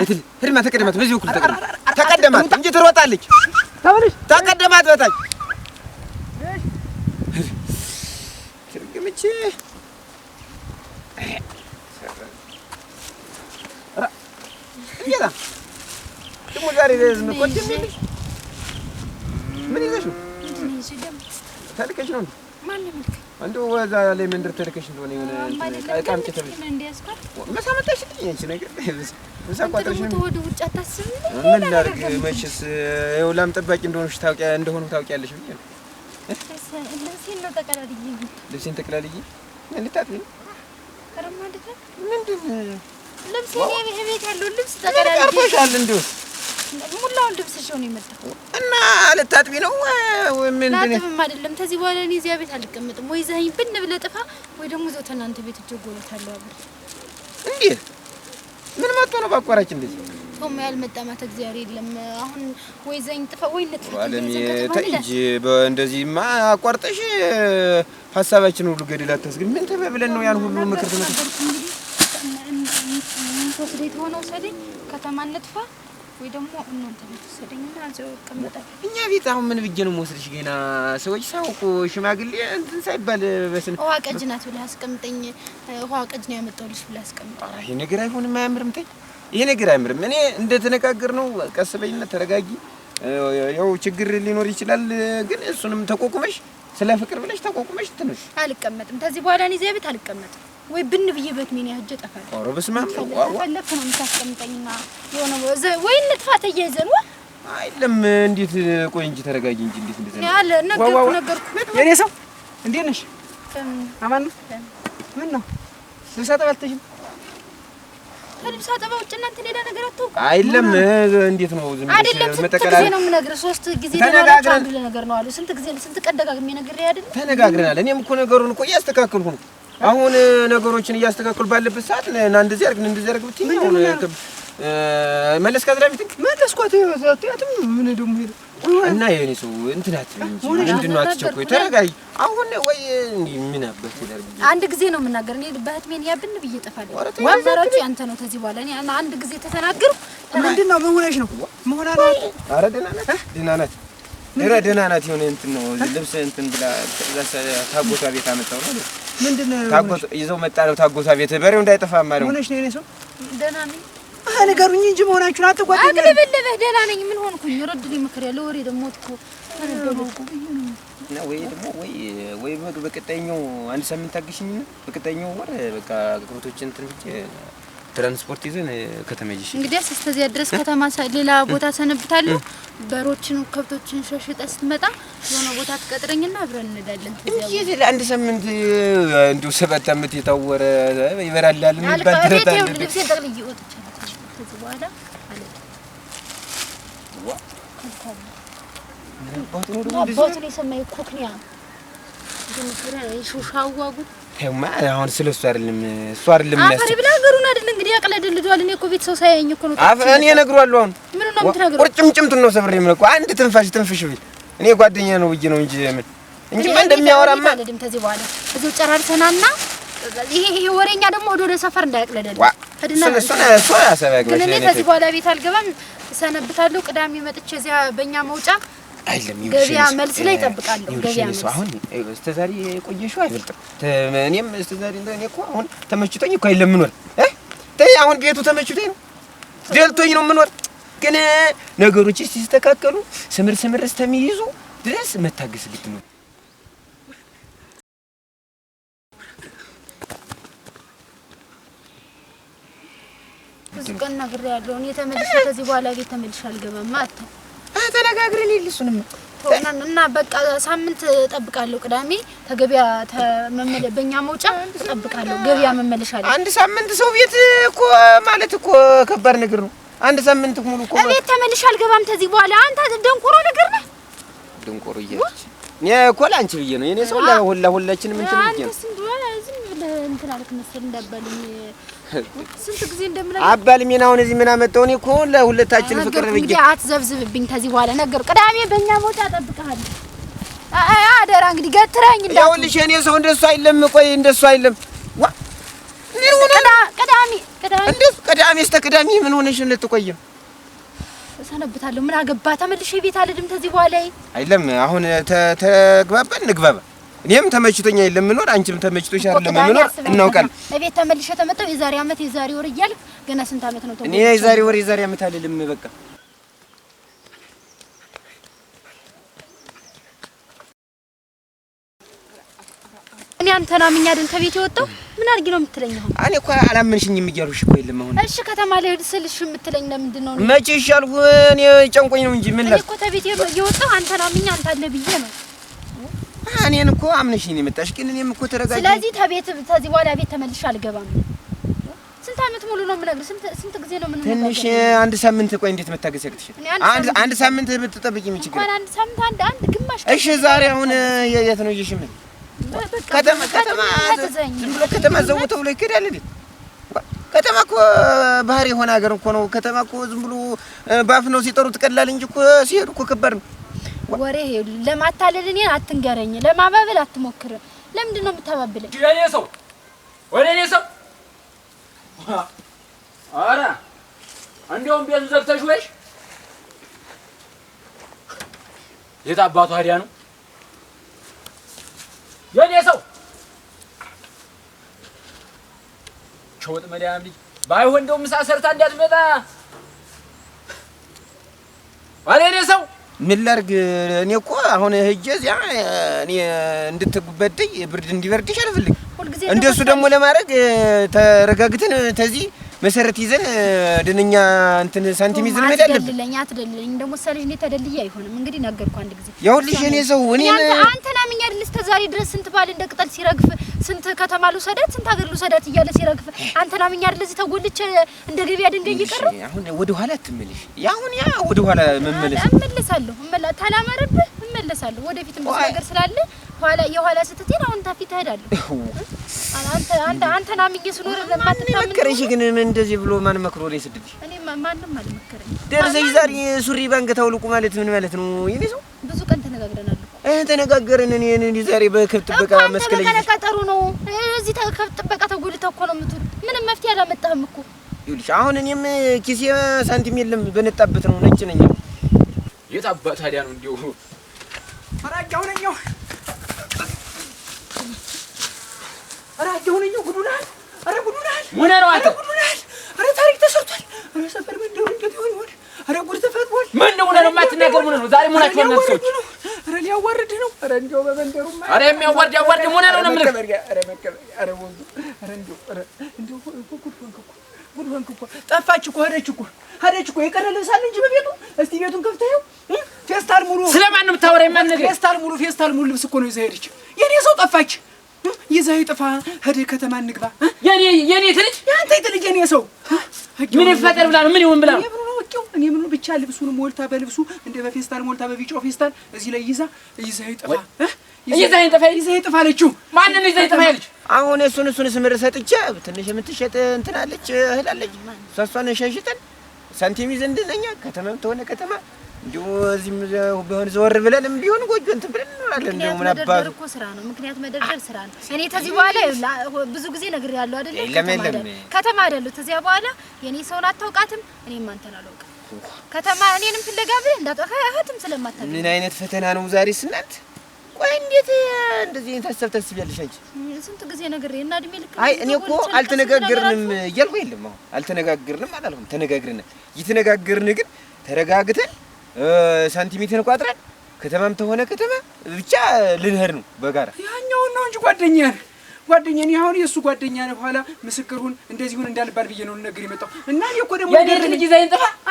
አይትል ህድማ ተቀደማት። በዚህ በኩል ተቀደማት እንጂ ትሮጣለች። ተቀደማት በታች ትርግምቼ እንዴታ ደግሞ ዛሬ ዝም እኮ ምን ይዘሽ ነው? ተልከሽ ነው አንዱ ወዛ ላይ መንደር ተልከሽ እንደሆነ የሆነ ቃምጭ ተብለሽ ምሳ መጣሽ ልኝ አንቺ ነገር ምሳ ቋጥረሽ ነው ወደ ውጭ አታስብ። ምን ላድርግ መቼስ ያው ላም ጠባቂ እንደሆንሽ ታውቂያ እንደሆኑ ታውቂያለሽ ብዬ ነው። ልብሴን ነው ተቀላልዬ ልብሴን ተቀላልዬ ልታጥቢ ነው ምንድን ልብሴን ያለውን ልብስ ቀርቶሻል እንዲሁ ሙላውን ልብስሽው ነው የመጣው እና ልታጥቢ ነው? ምንድንም አይደለም። ከዚህ በኋላ እኔ እዚያ ቤት አልቀመጥም። ወይ ዘኸኝ ብን ብለህ ጥፋ፣ ወይ ደግሞ እዛው እናንተ ቤት እጅ ጎሎታለሁ። አብሬ እንዴ ምን መጥቶ ነው በአቋራጭ እንደዚህ ቶም ያልመጣ ማታ እግዚአብሔር የለም። አሁን ወይ ዘኸኝ ጥፋ፣ ወይ ንጥፋ። ተይጂ በእንደዚህማ አቋርጠሽ ሀሳባችን ሁሉ ገደል አታስገቢ። ምን ተበብለን ነው ያን ሁሉ ምክር ትመጣ ወስደኝ ተሆነ ወሰደኝ ከተማ እንጥፋ ወይ ደግሞ እናንተ ቤት ወሰደኝና እዚያው ቀመጠ። እኛ ቤት አሁን ምን ብዬሽ ነው የምወስድሽ? ገና ሰዎች ሳውቁ ሽማግሌ እንትን ሳይባል በስን ውሃ ቀጅ ናት ብለህ አስቀምጠኝ። ውሃ ቀጅ ነው ያመጣሁልሽ ብለህ አስቀምጠኝ። ይሄ ነገር አይሆንም፣ አያምርም። ተይ፣ ይሄ ነገር አያምርም። እኔ እንደተነጋገርነው ቀስ በይና ተረጋጊ። ያው ችግር ሊኖር ይችላል፣ ግን እሱንም ተቋቁመሽ ስለ ፍቅር ብለሽ ተቋቁመሽ ትንሽ አልቀመጥም። ከዚህ በኋላ እኔ እዚያ ቤት አልቀመጥም። ወይ ብን ብዬ በእድሜ ያጀ ጠፋል። ኧረ በስመ አብ ፈለክ ነው የምታስቀምጠኝና የሆነ ወይ እንጥፋት እያይዘን ወ አይለም። እንዴት ቆይ እንጂ ተረጋጊ እንጂ እንዴት እንደዚህ ያለ ነገርኩ ነገርኩ። የኔ ሰው እንዴት ነሽ? አማን ነው። ምን ነው ልብስ አጠባ አልተሽም? ከልብስ አጠባ ውጭ እናንተ ሌላ ነገር አታውቅም። አይለም። እንዴት ነው ዝም ብለሽ አይደለም። ነው የምነግርህ? ሶስት ጊዜ ተነጋግረን አንድ ነገር ነው አሉ። ስንት ጊዜ ስንት ቀን ደጋግሜ ነግሬህ አይደለም? ተነጋግረናል። እኔም እኮ ነገሩን እኮ እያስተካከልኩ ነው አሁን ነገሮችን እያስተካከሉ ባለበት ሰዓት ና እንደዚህ አድርግ እንደዚህ አድርግ ብትይ መለስ መለስካት ላይ ብትይ መለስኳት ያትም ምን ደግሞ ሄደ እና የኔ ሰው እንትናት ምንድን አትቸኩይ፣ ተረጋይ። አሁን ወይ ምን አባት አንድ ጊዜ ነው የምናገር እኔ በህትሜን ያብን ብዬ ጠፋለሁ። ወንበሮቹ ያንተ ነው። ከዚህ በኋላ እኔ አንድ ጊዜ ተተናገሩ። ምንድነው? ምን ሆነሽ ነው መሆን አለ። ኧረ ደህና ናት፣ ደህና ናት እረ ደህና ናት። የሆነ እንትን ነው ልብስ እንትን ብላ ታጎቷ ቤት አመጣው ነው ምንድን ነው ታጎቷ ይዘው መጣለው። ታጎቷ ቤት በሬው እንዳይጠፋ ማለት ነው። የእኔ ሰው ደህና ነኝ። ንገሩኝ እንጂ መሆናችሁን አትጓደኝ። አቅልብልበህ ደህና ነኝ። ምን ሆንኩኝ? ረድ ምክር ያለ ወሬ ደግሞ እኮ ወይ ደግሞ ወይ ወይ በቅጠኛው አንድ ሳምንት ታግሽኝ። በቅጠኛው ወር በቃ ቁርቶችን እንትን ትራንስፖርት ይዘን ከተማ ይዤ እንግዲያስ እስከዚያ ድረስ ከተማ ሌላ ቦታ ሰነብታለሁ። በሮችን ከብቶችን ሸሽጠ ስትመጣ የሆነ ቦታ ትቀጥረኝና አብረን እንዳለን። እንዴ ለአንድ ሳምንት እንዲሁ ሰባት አመት የታወረ ይበራላል የሚባል ድረታ አለ። ልብሴ ጠቅልዬ ወጥቻለሁ። ከዚህ በኋላ ነው የሰማይ ኩክኒያ ሹሻዋ ጉድ ተውማ አሁን ስለ እሱ አይደለም እሱ አይደለም ነው አፈሪ ብላ ነገሩን አይደል እንግዲህ ያቀለድልቷል። እኔ እኮ ቤት ሳያየኝ እኮ ነው አፈ እኔ እነግረዋለሁ። አሁን ምን ነው የምትነግረው? ቁርጭምጭምቱን ነው ሰብሬ ምን እኮ አንድ ትንፋሽ ትንፍሽ ብል እኔ ጓደኛ ነው ብዬ ነው እንጂ ምን እንጂ ምን እንደሚያወራማ አይደለም። ከዚህ በኋላ እዚሁ ጨራርሰናልና ይሄ ይሄ ወሬኛ ደግሞ ወደ ወደ ሰፈር እንዳያቅለደል ሄድና እሱ እሱ ያሰበግ ግን እኔ ከዚህ በኋላ ቤት አልገባም፣ እሰነብታለሁ። ቅዳሜ መጥቼ እዚያ በእኛ መውጫ አይደለም ገበያ መልስ ላይ እጠብቃለሁ። ገበያ መልስ አሁን እስከ ዛሬ የቆየሽው አይበልጥም። እኔም እስከ ዛሬ እኔ እኮ አሁን ተመችቶኝ እኮ አይደለም የምኖር እ ተይ አሁን ቤቱ ተመችቶኝ ነው ደልቶኝ ነው የምኖር። ግን ነገሮች ሲስተካከሉ ስምር ስምር እስከሚይዙ ድረስ መታገስ ግድ ነው። ብዙ ቀን ነግሬያለሁ። እኔ ተመልሼ ከዚህ በኋላ ቤት ተመልሼ አልገባም አታው ተነጋግረን የለሱንም እና በቃ ሳምንት እጠብቃለሁ። ቅዳሜ ተገቢያ ተመመለ በእኛ መውጫ እጠብቃለሁ። ገቢያ መመለሻለሁ። አንድ ሳምንት ሰው ቤት እኮ ማለት እኮ ከባድ ነገር ነው። አንድ ሳምንት ሙሉ እኮ ቤት ተመልሼ አልገባም። ተዚህ በኋላ አንተ ደንቆሮ ነገር ነህ። ደንቆሮ እያለች እኔ እኮ ለአንቺ ብዬ ነው የኔ ሰው ሁላ ሁላችንም እንትን ብዬ ነው እንትን አለት መሰል እንዳባልኝ ስንት ጊዜ እንደምላ አባልኝ አሁን እዚህ ምን አመጣው? እኔ እኮ ለሁለታችን ፍቅር ነው። እንግዲህ አትዘብዝብብኝ ከዚህ በኋላ ነገር ቅዳሜ በእኛ ጠብቀሃል። እጠብቅሃለሁ። አደራ እንግዲህ ገትረኝ እንዳ ይኸውልሽ፣ እኔ ሰው እንደሱ አይለም። ቆይ እንደሱ አይለም። ዋ ምን ሆነ? ቅዳሜ ቅዳሜ እንደሱ ቅዳሜ እስከ ቅዳሜ ምን ሆነሽ ልትቆይም ሰነብታለሁ። ምን አገባ? ተመልሼ ቤት አልሄድም ከዚህ በኋላ አይለም። አሁን ተግባባን፣ ንግባባ እኔም ተመችቶኛ የለም ምኖር አንቺም ተመችቶሽ አይደለም ምኖር እናውቃለን። እቤት ተመልሼ ተመጣሁ የዛሬ አመት የዛሬ ወር እያልክ ገና ስንት አመት ነው? እኔ የዛሬ ወር የዛሬ አመት አይደለም በቃ እኔ አንተን አምኜ አይደል ከቤት የወጣው? ምን አድርጊ ነው የምትለኝ? አሁን እኔ እኮ አላመንሽኝም እያሉሽ እኮ የለም። አሁን እሺ ከተማ ልሄድ ስልሽ የምትለኝ ለምንድን ነው? መቼ ይሻልኩ እኔ ጨንቆኝ ነው እንጂ ምን ላይ እኮ ተቤት የወጣው አንተን አምኜ አንተ አለ ብዬ ነው እኔን እኮ አምነሽ ነው የመጣሽ፣ ግን እኔም እኮ ተረጋግጬ። ስለዚህ ተቤት ተዚህ በኋላ ቤት ተመልሼ አልገባም። ስንት ዓመት ሙሉ ነው የምነግርሽ? ስንት ስንት ጊዜ ነው የምንነግርሽ? ትንሽ አንድ ሳምንት ቆይ። እንዴት መታገስ ያቅትሽ? አንድ አንድ ሳምንት ብትጠብቂ ምን ችግር? አንድ ሳምንት አንድ አንድ ግማሽ። እሺ ዛሬ አሁን የት ነው ይሽ? ምን ከተማ ከተማ ዝም ብሎ ከተማ ዘውተው ተብሎ ይከዳል እንዴ? ከተማ እኮ ባህሪ የሆነ ሀገር እኮ ነው። ከተማ እኮ ዝም ብሎ ባፍ ነው ሲጠሩት ቀላል እንጂ እኮ ሲሄዱ እኮ ከባድ ነው። ወሬ ይሄ ለማታለል እኔን አትንገረኝ። ለማባበል አትሞክርም። ለምንድን ነው የምታባብለኝ? እኔ ሰው ወደ እኔ ሰው ኧረ እንዲያውም ቤቱ ዘግተሽ ወይሽ የት አባቱ ሀዲያ ነው የእኔ ሰው ቸወጥ መዳም ልጅ ባይሆን እንደው ምሳ ሰርታ እንዳትመጣ አለ የእኔ ሰው ምን ላድርግ? እኔ እኮ አሁን ሂጅ እዚያ እኔ እንድትበደይ ብርድ እንዲበርድሽ አልፈልግም። እንደሱ ደግሞ ለማድረግ ተረጋግተን ተዚህ መሰረት ይዘን ድንኛ እንትን ሳንቲም ይዘን መሄድ አለብን። አትደልለኝ፣ አትደልለኝ። ደግሞ ሰው ልጅ እኔ ተደልዬ አይሆንም። እንግዲህ ነገርኩህ አንድ ጊዜ። ይኸውልሽ እኔ ሰው እኔ አንተ እስከ ዛሬ ድረስ ስንት ባል እንደ ቅጠል ሲረግፍ፣ ስንት ከተማ ልውሰዳት፣ ስንት ሀገር ልውሰዳት እያለ ሲረግፍ፣ አንተን አምኜ አይደል እዚህ ተጎልቼ እንደ ገበያ ድንጋይ እየቀረ። አሁን ወደ ኋላ ትምልሽ አሁን ያ ወደ ኋላ መመለስ እመለሳለሁ። ታላመረብህ እመለሳለሁ። ወደፊት ምስ ነገር ስላለ ኋላ የኋላ ስትቴን አሁን ታፊት አንተ አንተ አንተን አምኜ ስኖር መከረሽ። ግን እንደዚህ ብሎ ማን መክሮ ላይ ስድብ እኔ ማንም አልመከረኝ። ደርሰሽ ዛሬ ሱሪ ባንክ ታውልቁ ማለት ምን ማለት ነው? ይሄ ሰው ብዙ ቀን ተነጋግረናል። እህን ተነጋገርን። እኔ እኔ ዛሬ በከብት ጥበቃ መስክ ላይ እኮ ቀጠሩ ነው። እዚህ ከብት ጥበቃ ተጎድተህ እኮ ነው የምትውል። ምንም መፍትሄ አላመጣህም እኮ። ይኸውልሽ አሁን እኔም ኪሴ ሳንቲም የለም፣ በነጣበት ነው ነጭ ነኝ። የጣባ ታዲያ ነው እንዲሁ ራጃው ነኝ ራጃው ነኝ። ጉዱናል፣ አረ ጉዱናል፣ ምን ነው አንተ ጉዱናል። አረ ታሪክ ተሰርቷል። አረ ሰፈር ምን እንደሆነ እንደሆነ አረ ጉድ ተፈጥሯል። ምን ነው ነው የማትናገር? ምን ነው ዛሬ ሙናችሁ ነው ኧረ ሊያዋርድህ ነው። ኧረ እንደው በመንደሩ ኧረ የሚያዋርድ ያዋርድ መሆን ነው የምልህ። ጉድ ሆንክ እኮ ጠፋች እኮ ሄደች እኮ ሄደች እኮ የቀረ ልብሳል እንጂ በቤቱ እስቲ ቤቱን ከፍተኸው ፌስታል ሙሉ ስለማን ነው የምታወራኝ? ማን ነገር ፌስታል ሙሉ ፌስታል ሙሉ ልብስ እኮ ነው ይዛ ሄደች። የኔ ሰው ጠፋች ይዛ ይጥፋ ሄደ ከተማ እንግባ። የኔ የኔ ትልጅ የአንተ ትልጅ የኔ ሰው ምን ይፈጠር ብላ ነው ምን ይሁን ብላ ነው እኔ ምን ብቻ ልብሱን ሞልታ በልብሱ እንደ በፌስታል ሞልታ በቢጫው ፌስታል እዚህ ላይ ይዛ ይዛ ይጥፋ ይዛ ይጥፋ ይዛ ይጥፋ አለችው። ማንን ይዛ ይጥፋ ያለች? አሁን እሱን እሱን ስምር ሰጥቼ ትንሽ የምትሸጥ እንትናለች እህላለች እህል ሸሽተን ሳንቲም ይዘን እንደነኛ ከተማም ተሆነ ከተማ እንዲሁ እዚህም በሆነ ዘወር ብለንም ቢሆን ጎጆ እንትን ብለን እንኖራለን። እንደው ምን አባቱ እኮ ስራ ነው። ምክንያት መደርደር ስራ ነው። እኔ ተዚህ በኋላ ብዙ ጊዜ ነግሬሃለሁ አይደለ? ከተማ አይደለም ከተማ አይደለም። ተዚያ በኋላ የኔ ሰውን አታውቃትም፣ እኔም አንተን አላውቅም። ከተማ እኔንም ፍለጋ ብለህ እንዳጠፋ እህትም ስለማታገኝ ምን አይነት ፈተና ነው ዛሬስ? እናት ቆይ እንዴት እንደዚህ አይነት ሀሳብ ታስቢያለሽ አንቺ? ስንት ጊዜ ነግሬህ እና እድሜ ልክ አይ እኔ እኮ አልተነጋገርንም እያልኩ የለም አሁን አልተነጋገርንም አላልኩም። ተነጋግርን እየተነጋገርን ግን ተረጋግተን ሳንቲሜትን ቋጥረን ከተማም ተሆነ ከተማ ብቻ ልንሄድ ነው በጋራ ያኛውን ነው እንጂ ጓደኛዬ ጓደኛ ነው። አሁን የእሱ ጓደኛ ነው። ኋላ ምስክር ሁን እንደዚህ ሁን እንዳልባል ብዬ ነው ነገር የመጣሁ እና እኔ እኮ ደግሞ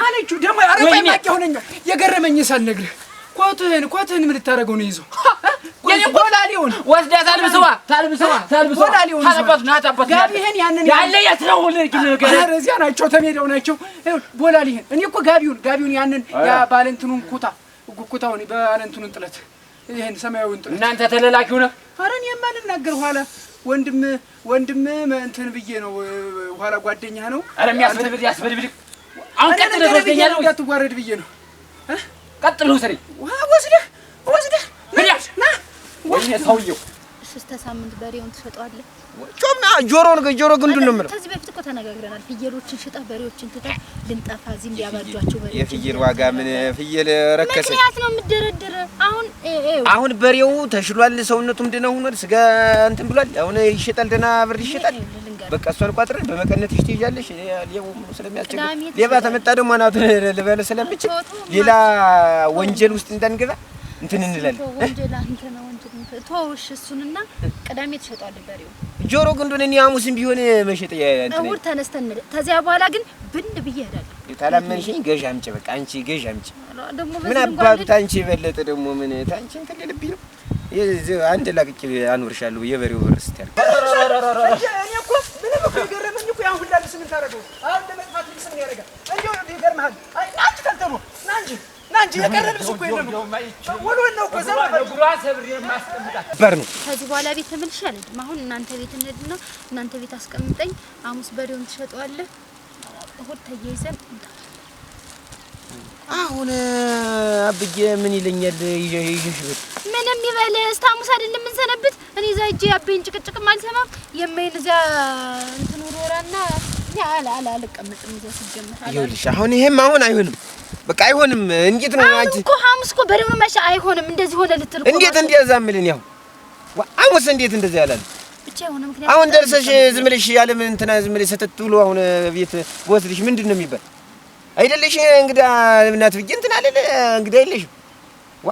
አለችው። ደግሞ አረማቅ ሆነኛ የገረመኝ ሳልነግርህ ኮትህን ኮትህን ምን ልታደርገው ነው ይዞ ይዘው ወስዳ ታልብሰዋ ነው ታልብሰዋ ጋቢህን ያንን ያለ የት ነው እዚያ ናቸው ተሜዳው ናቸው ቦላሊህን እኔ እኮ ጋቢውን ጋቢውን ያንን ባለንትኑን ኩታ ጉኩታውን ባለንትኑን ጥለት ይሄን ሰማያዊውን ጥለት እናንተ ተለላኪው ነህ። ኧረ እኔ የማልናገር ኋላ ወንድም ወንድም እንትን ብዬ ነው ኋላ ጓደኛ ነው። አረ የሚያስበድብድ ያስበድብድ። አሁን ቀጥል ወስደኛ ነው እንዳትዋረድ ብዬ ነው። ቀጥ ቀጥል ውሰደኝ ወስደህ ወስደህ ምን ወይኔ ሰውየው ሶስት ሳምንት በሬውን ትሸጠዋለህ። ጮምና ጆሮውን ጆሮ ግንዱን ነው የምለው። ከዚህ በፊት እኮ ተነጋግረናል። ፍየሎችን ሽጠህ በሬዎችን ትተህ ልንጠፋ እዚህ እንዲያባጇቸው በሬ የፍየል ዋጋ ምን ፍየል ረከሰ ምክንያት ነው የምደረደረ። አሁን አሁን በሬው ተሽሏል። ሰውነቱም ድነ ሆኗል። ስጋ እንትን ብሏል። አሁን ይሸጣል። ደህና ብር ይሸጣል። በቃ እሷን ቋጥረን በመቀነት ይሽት ይያለሽ ሌው ስለሚያስቸግር ሌባ ተመጣ ደግሞ አናቱን ልበል ስለምችል ሌላ ወንጀል ውስጥ እንዳንገባ እንትን እንላለን። ወንጀል አንተ ነው ተወውሽ እሱንና ቅዳሜ ትሸጧለህ በሬው። ጆሮ ግንዱን እኔ ሐሙስም ቢሆን መሸጥ ያንተ ነው። እሑድ ተነስተን እንደ በኋላ ግን ብንድ ብዬ እሄዳለሁ። ታላመንሽኝ ገዢ አምጪ፣ በቃ አንቺ ገዥ አምጪ። ምን አባቱ ታንቺ የበለጠ ደግሞ ምን ታንቺ እንትን ነው። አንድ ላቅቄ አኖርሻለሁ የበሬው ብር ስትያል እኔ እኮ ምንም እኮ እኮ ያን ሁላ አንቺ ና እንጂ እኮ የለም ነው እኮ ዘባ ነው። ከዚህ በኋላ ቤት ተመልሼ አልሄድም። አሁን እናንተ ቤት እንሄድና እናንተ ቤት አስቀምጠኝ። ሐሙስ በሬውን ትሸጠዋለህ፣ እሑድ ተያይዘን አሁን አብዬ ምን ይለኛል? ይዤሽ ብር ምንም ይበል እስከ ሐሙስ አይደለም የምንሰነብት። እኔ እዛ ሂጅ አቤን ጭቅጭቅም አልሰማም የማይን እዚያ እንትን ውሮራና አሁን ይሄም አሁን አይሆንም፣ በቃ አይሆንም። እንዴት ነው አንቺ እኮ ሐሙስ እኮ በደምብ መሻ አይሆንም። እንደዚህ ሆነ ልትል እንዴት እንደዛ ምልን ያው ሐሙስ እንዴት እንደዚህ ያላል። አሁን ደርሰሽ ዝም ብለሽ ያለ ምን እንትና ዝም ብለሽ ሰተት ብሎ አሁን ቤት ወስድሽ ምንድን ነው የሚባል አይደለሽ? እንግዳ እናት ብዬሽ እንትን አለ እንግዳ የለሽም ዋ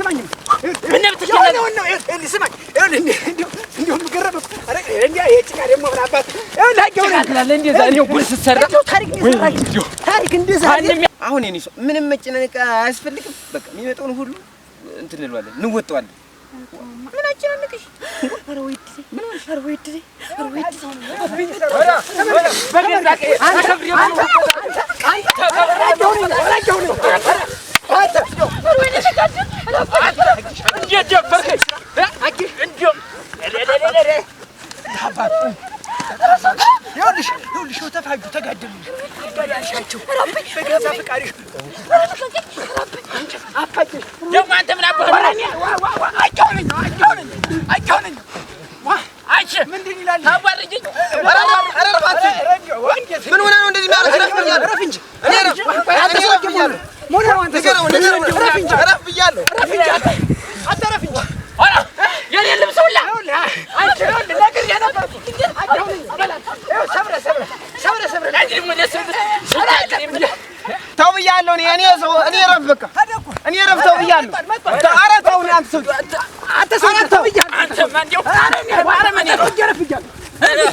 ስማኝ፣ አሁን የኔ ሰው ምንም መጨነቅ አያስፈልግም። በቃ የሚመጣውን ሁሉ እንትን እንለዋለን፣ እንወጣዋለን። ምን አጨናነቅሽ? ኧረ ወይ እድሌ፣ ኧረ ወይ እድሌ፣ ኧረ ወይ እድሌ። አንተ አንተ አንተ ተፋጁ፣ ተጋደሉ። ምን ሆና ነው እንደዚህ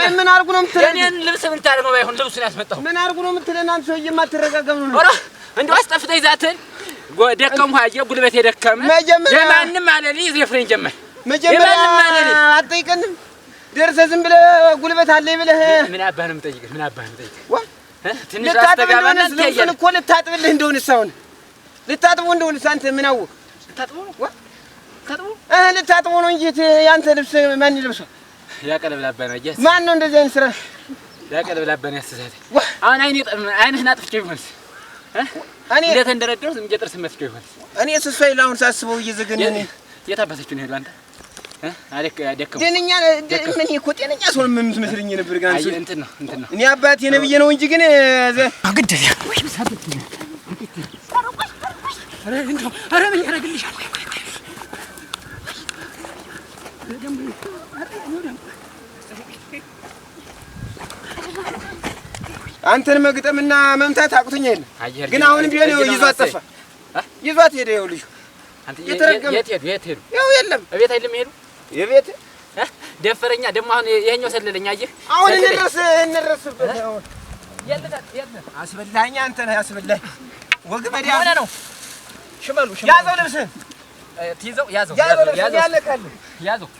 ቆይ ምን አድርጉ ነው የምትለን? የእኔን ልብስ ምን ታደርግ ባይሆን ልብሱን ያስመጣሁ ምን አድርጉ ነው የምትለን? አንተ ሰውዬማ አትረጋገም ነው ኧረ እንደው አስጠፍተህ ይዛትህን ደከምኩ አየህ፣ ጉልበቴ ደከመ። መጀመሪያ የማንም አለልኝ ዘፍሬን ጀመር መጀመሪያ አትጠይቀንም ደርሰህ ዝም ብለህ ጉልበት አለኝ ብለህ ምን አባህ ነው የምጠይቅህ? ምን አባህ ነው የምጠይቅህ? ልታጥብልህ እኮ ልታጥብልህ እንደሆንስ አሁን ልታጥቦ እንደሆንስ አንተ ምን አወቅህ? ልታጥቦ ነው እንጂ የአንተ ልብስ ማን ይለብሰው? ያቀለብላበና ያስ ማን ነው እንደዚህ አይነት ስራ ያቀለብላበና ያስተሳሰ አሁን አይኔ ጠም አይንህን አጥፍቼው ይሆንስ እኔ እንደተንደረደሩ ዝም ጥርስ መስቼው ይሆንስ እኔ እሱ ሳይል ሳስበው እየዘገነ ነው። ነው ሄዱ አንተ አለክ ያደከም ደንኛ ምን እኮ ጤነኛ ሰው ምን የምትመስለኝ ነበር። አይ ነው ነው እኔ አባቴ ነብዬ ነው እንጂ ግን ምን ያደርግልሻል? አንተን መግጠምና መምታት አቁቶኛል። ግን አሁንም ቢሆን ይኸው ይዟት ጠፋ፣ ይዟት ሄደ። ይኸው ልጁ የተረገመ ይኸው የለም። እቤት አይደለም የሄዱ የቤት ደፈረኛ ደግሞ አሁን ይኸኛው ሰለለኛ አየህ አሁን እንረስ እንረስበት አስበላኸኝ። አንተ ነህ አስበላኸኝ። ወግ መድያ ነው። ሽመሉ ያዘው ልብስህን ትይዘው ያዘው ያዘው።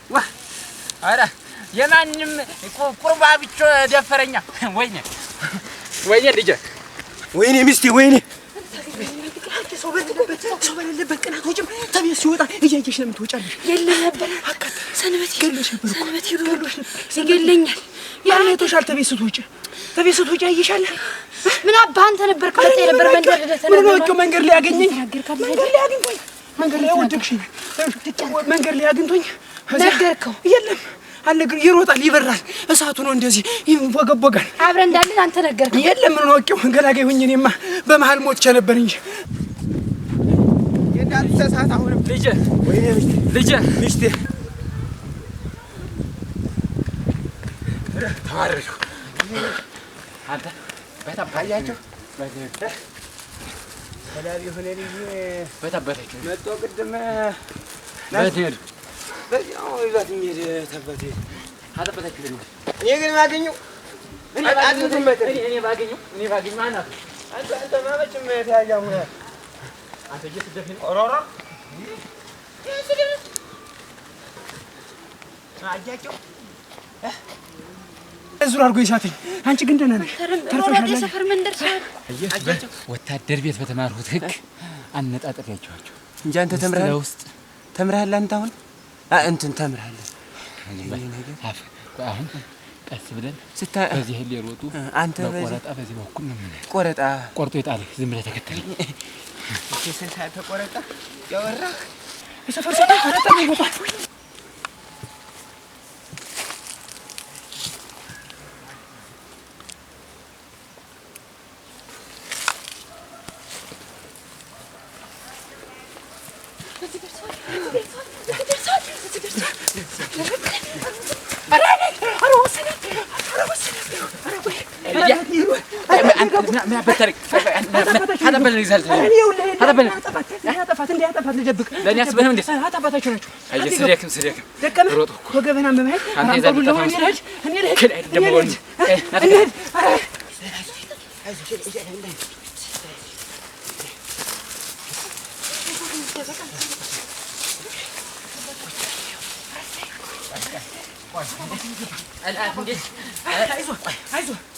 ኧረ የማንም ቁርባ ብቻ ደፈረኛ። ወይኔ ወይኔ ልጄ፣ ወይኔ ሚስቴ፣ ወይኔ ሰው በሌለበት ቅናት ወጭም ተቤት ሲወጣ እያየሽ ነው የምትወጫለሽ። የለ ነበር ሰንበት ገለሽ ነበር ሰንበት ይገሉሽ ይገለኛል። ያን ተቤት ስትወጪ ተቤት ስትወጪ አየሻለ። ምን አባ አንተ ነበር ካለ ነበር መንገድ ላይ መንገድ ላይ ያገኘኝ መንገድ ላይ ያገኘኝ መንገድ ላይ ወደቅሽኝ። መንገድ ላይ አግኝቶኝ ነገርከው? የለም አልነግር ይሮጣል፣ ይበራል፣ እሳቱ ነው እንደዚህ ይንቦገቦጋል። አብረን እንዳለን አንተ ነገርከው? የለም ምን ወቄው ገላጋይ ሆኜ እኔማ በመሀል ሞትቼ ነበር እንጂ የዳንተ እሳት አሁንም ልጄ፣ ወይኔ ልጄ፣ ሚስቴ ተማረኩ አንተ በጣም ባያቸው ሰላም የሆነ ልጅ በታበተች መጥቶ ቅድም ናትሄድ በዚህ ይዟት የሚሄድ ተበት አጠበተች። እኔ ግን ባገኘው እኔ ባገኘው እኔ ባገኘው አናት አንተ አንተ ማመችም ተያዣ ሙያ አንተ ጌት ደፊ ኦሮራ አጃቸው እዙር አድርጎ የሳተኝ። አንቺ ግን ደህና ነሽ ተርፈሻል። ወታደር ቤት በተማርሁት ህግ አነጣጠሪያቸዋቸው እንጂ አንተ ተምረሃል ውስጥ ተምረሃል። አንተ አሁን እንትን ተምረሃል። አሁን ቀስ ብለን በዚህ ህል የሮጡ አንተ በቆረጣ በዚህ በኩል ነው የምንሄድ። ቆረጣ ቆርጦ የጣልህ ዝም ብለህ ተከተለኝ። ተቆረጣ ያወራህ የሰፈር ሰጣ ረጣ ይወጣል የሚያበጠርቅ አጠባት ነው ይዛል ታዲያ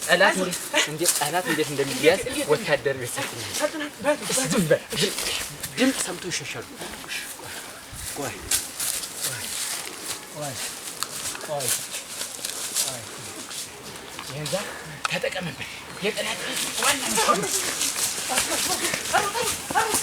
ጠላት እንዴት እንደሚያዝ ወታደር ቤት ድምፅ ሰምቶ ይሸሻሉ። ተጠቀምበት የጠላት ዋና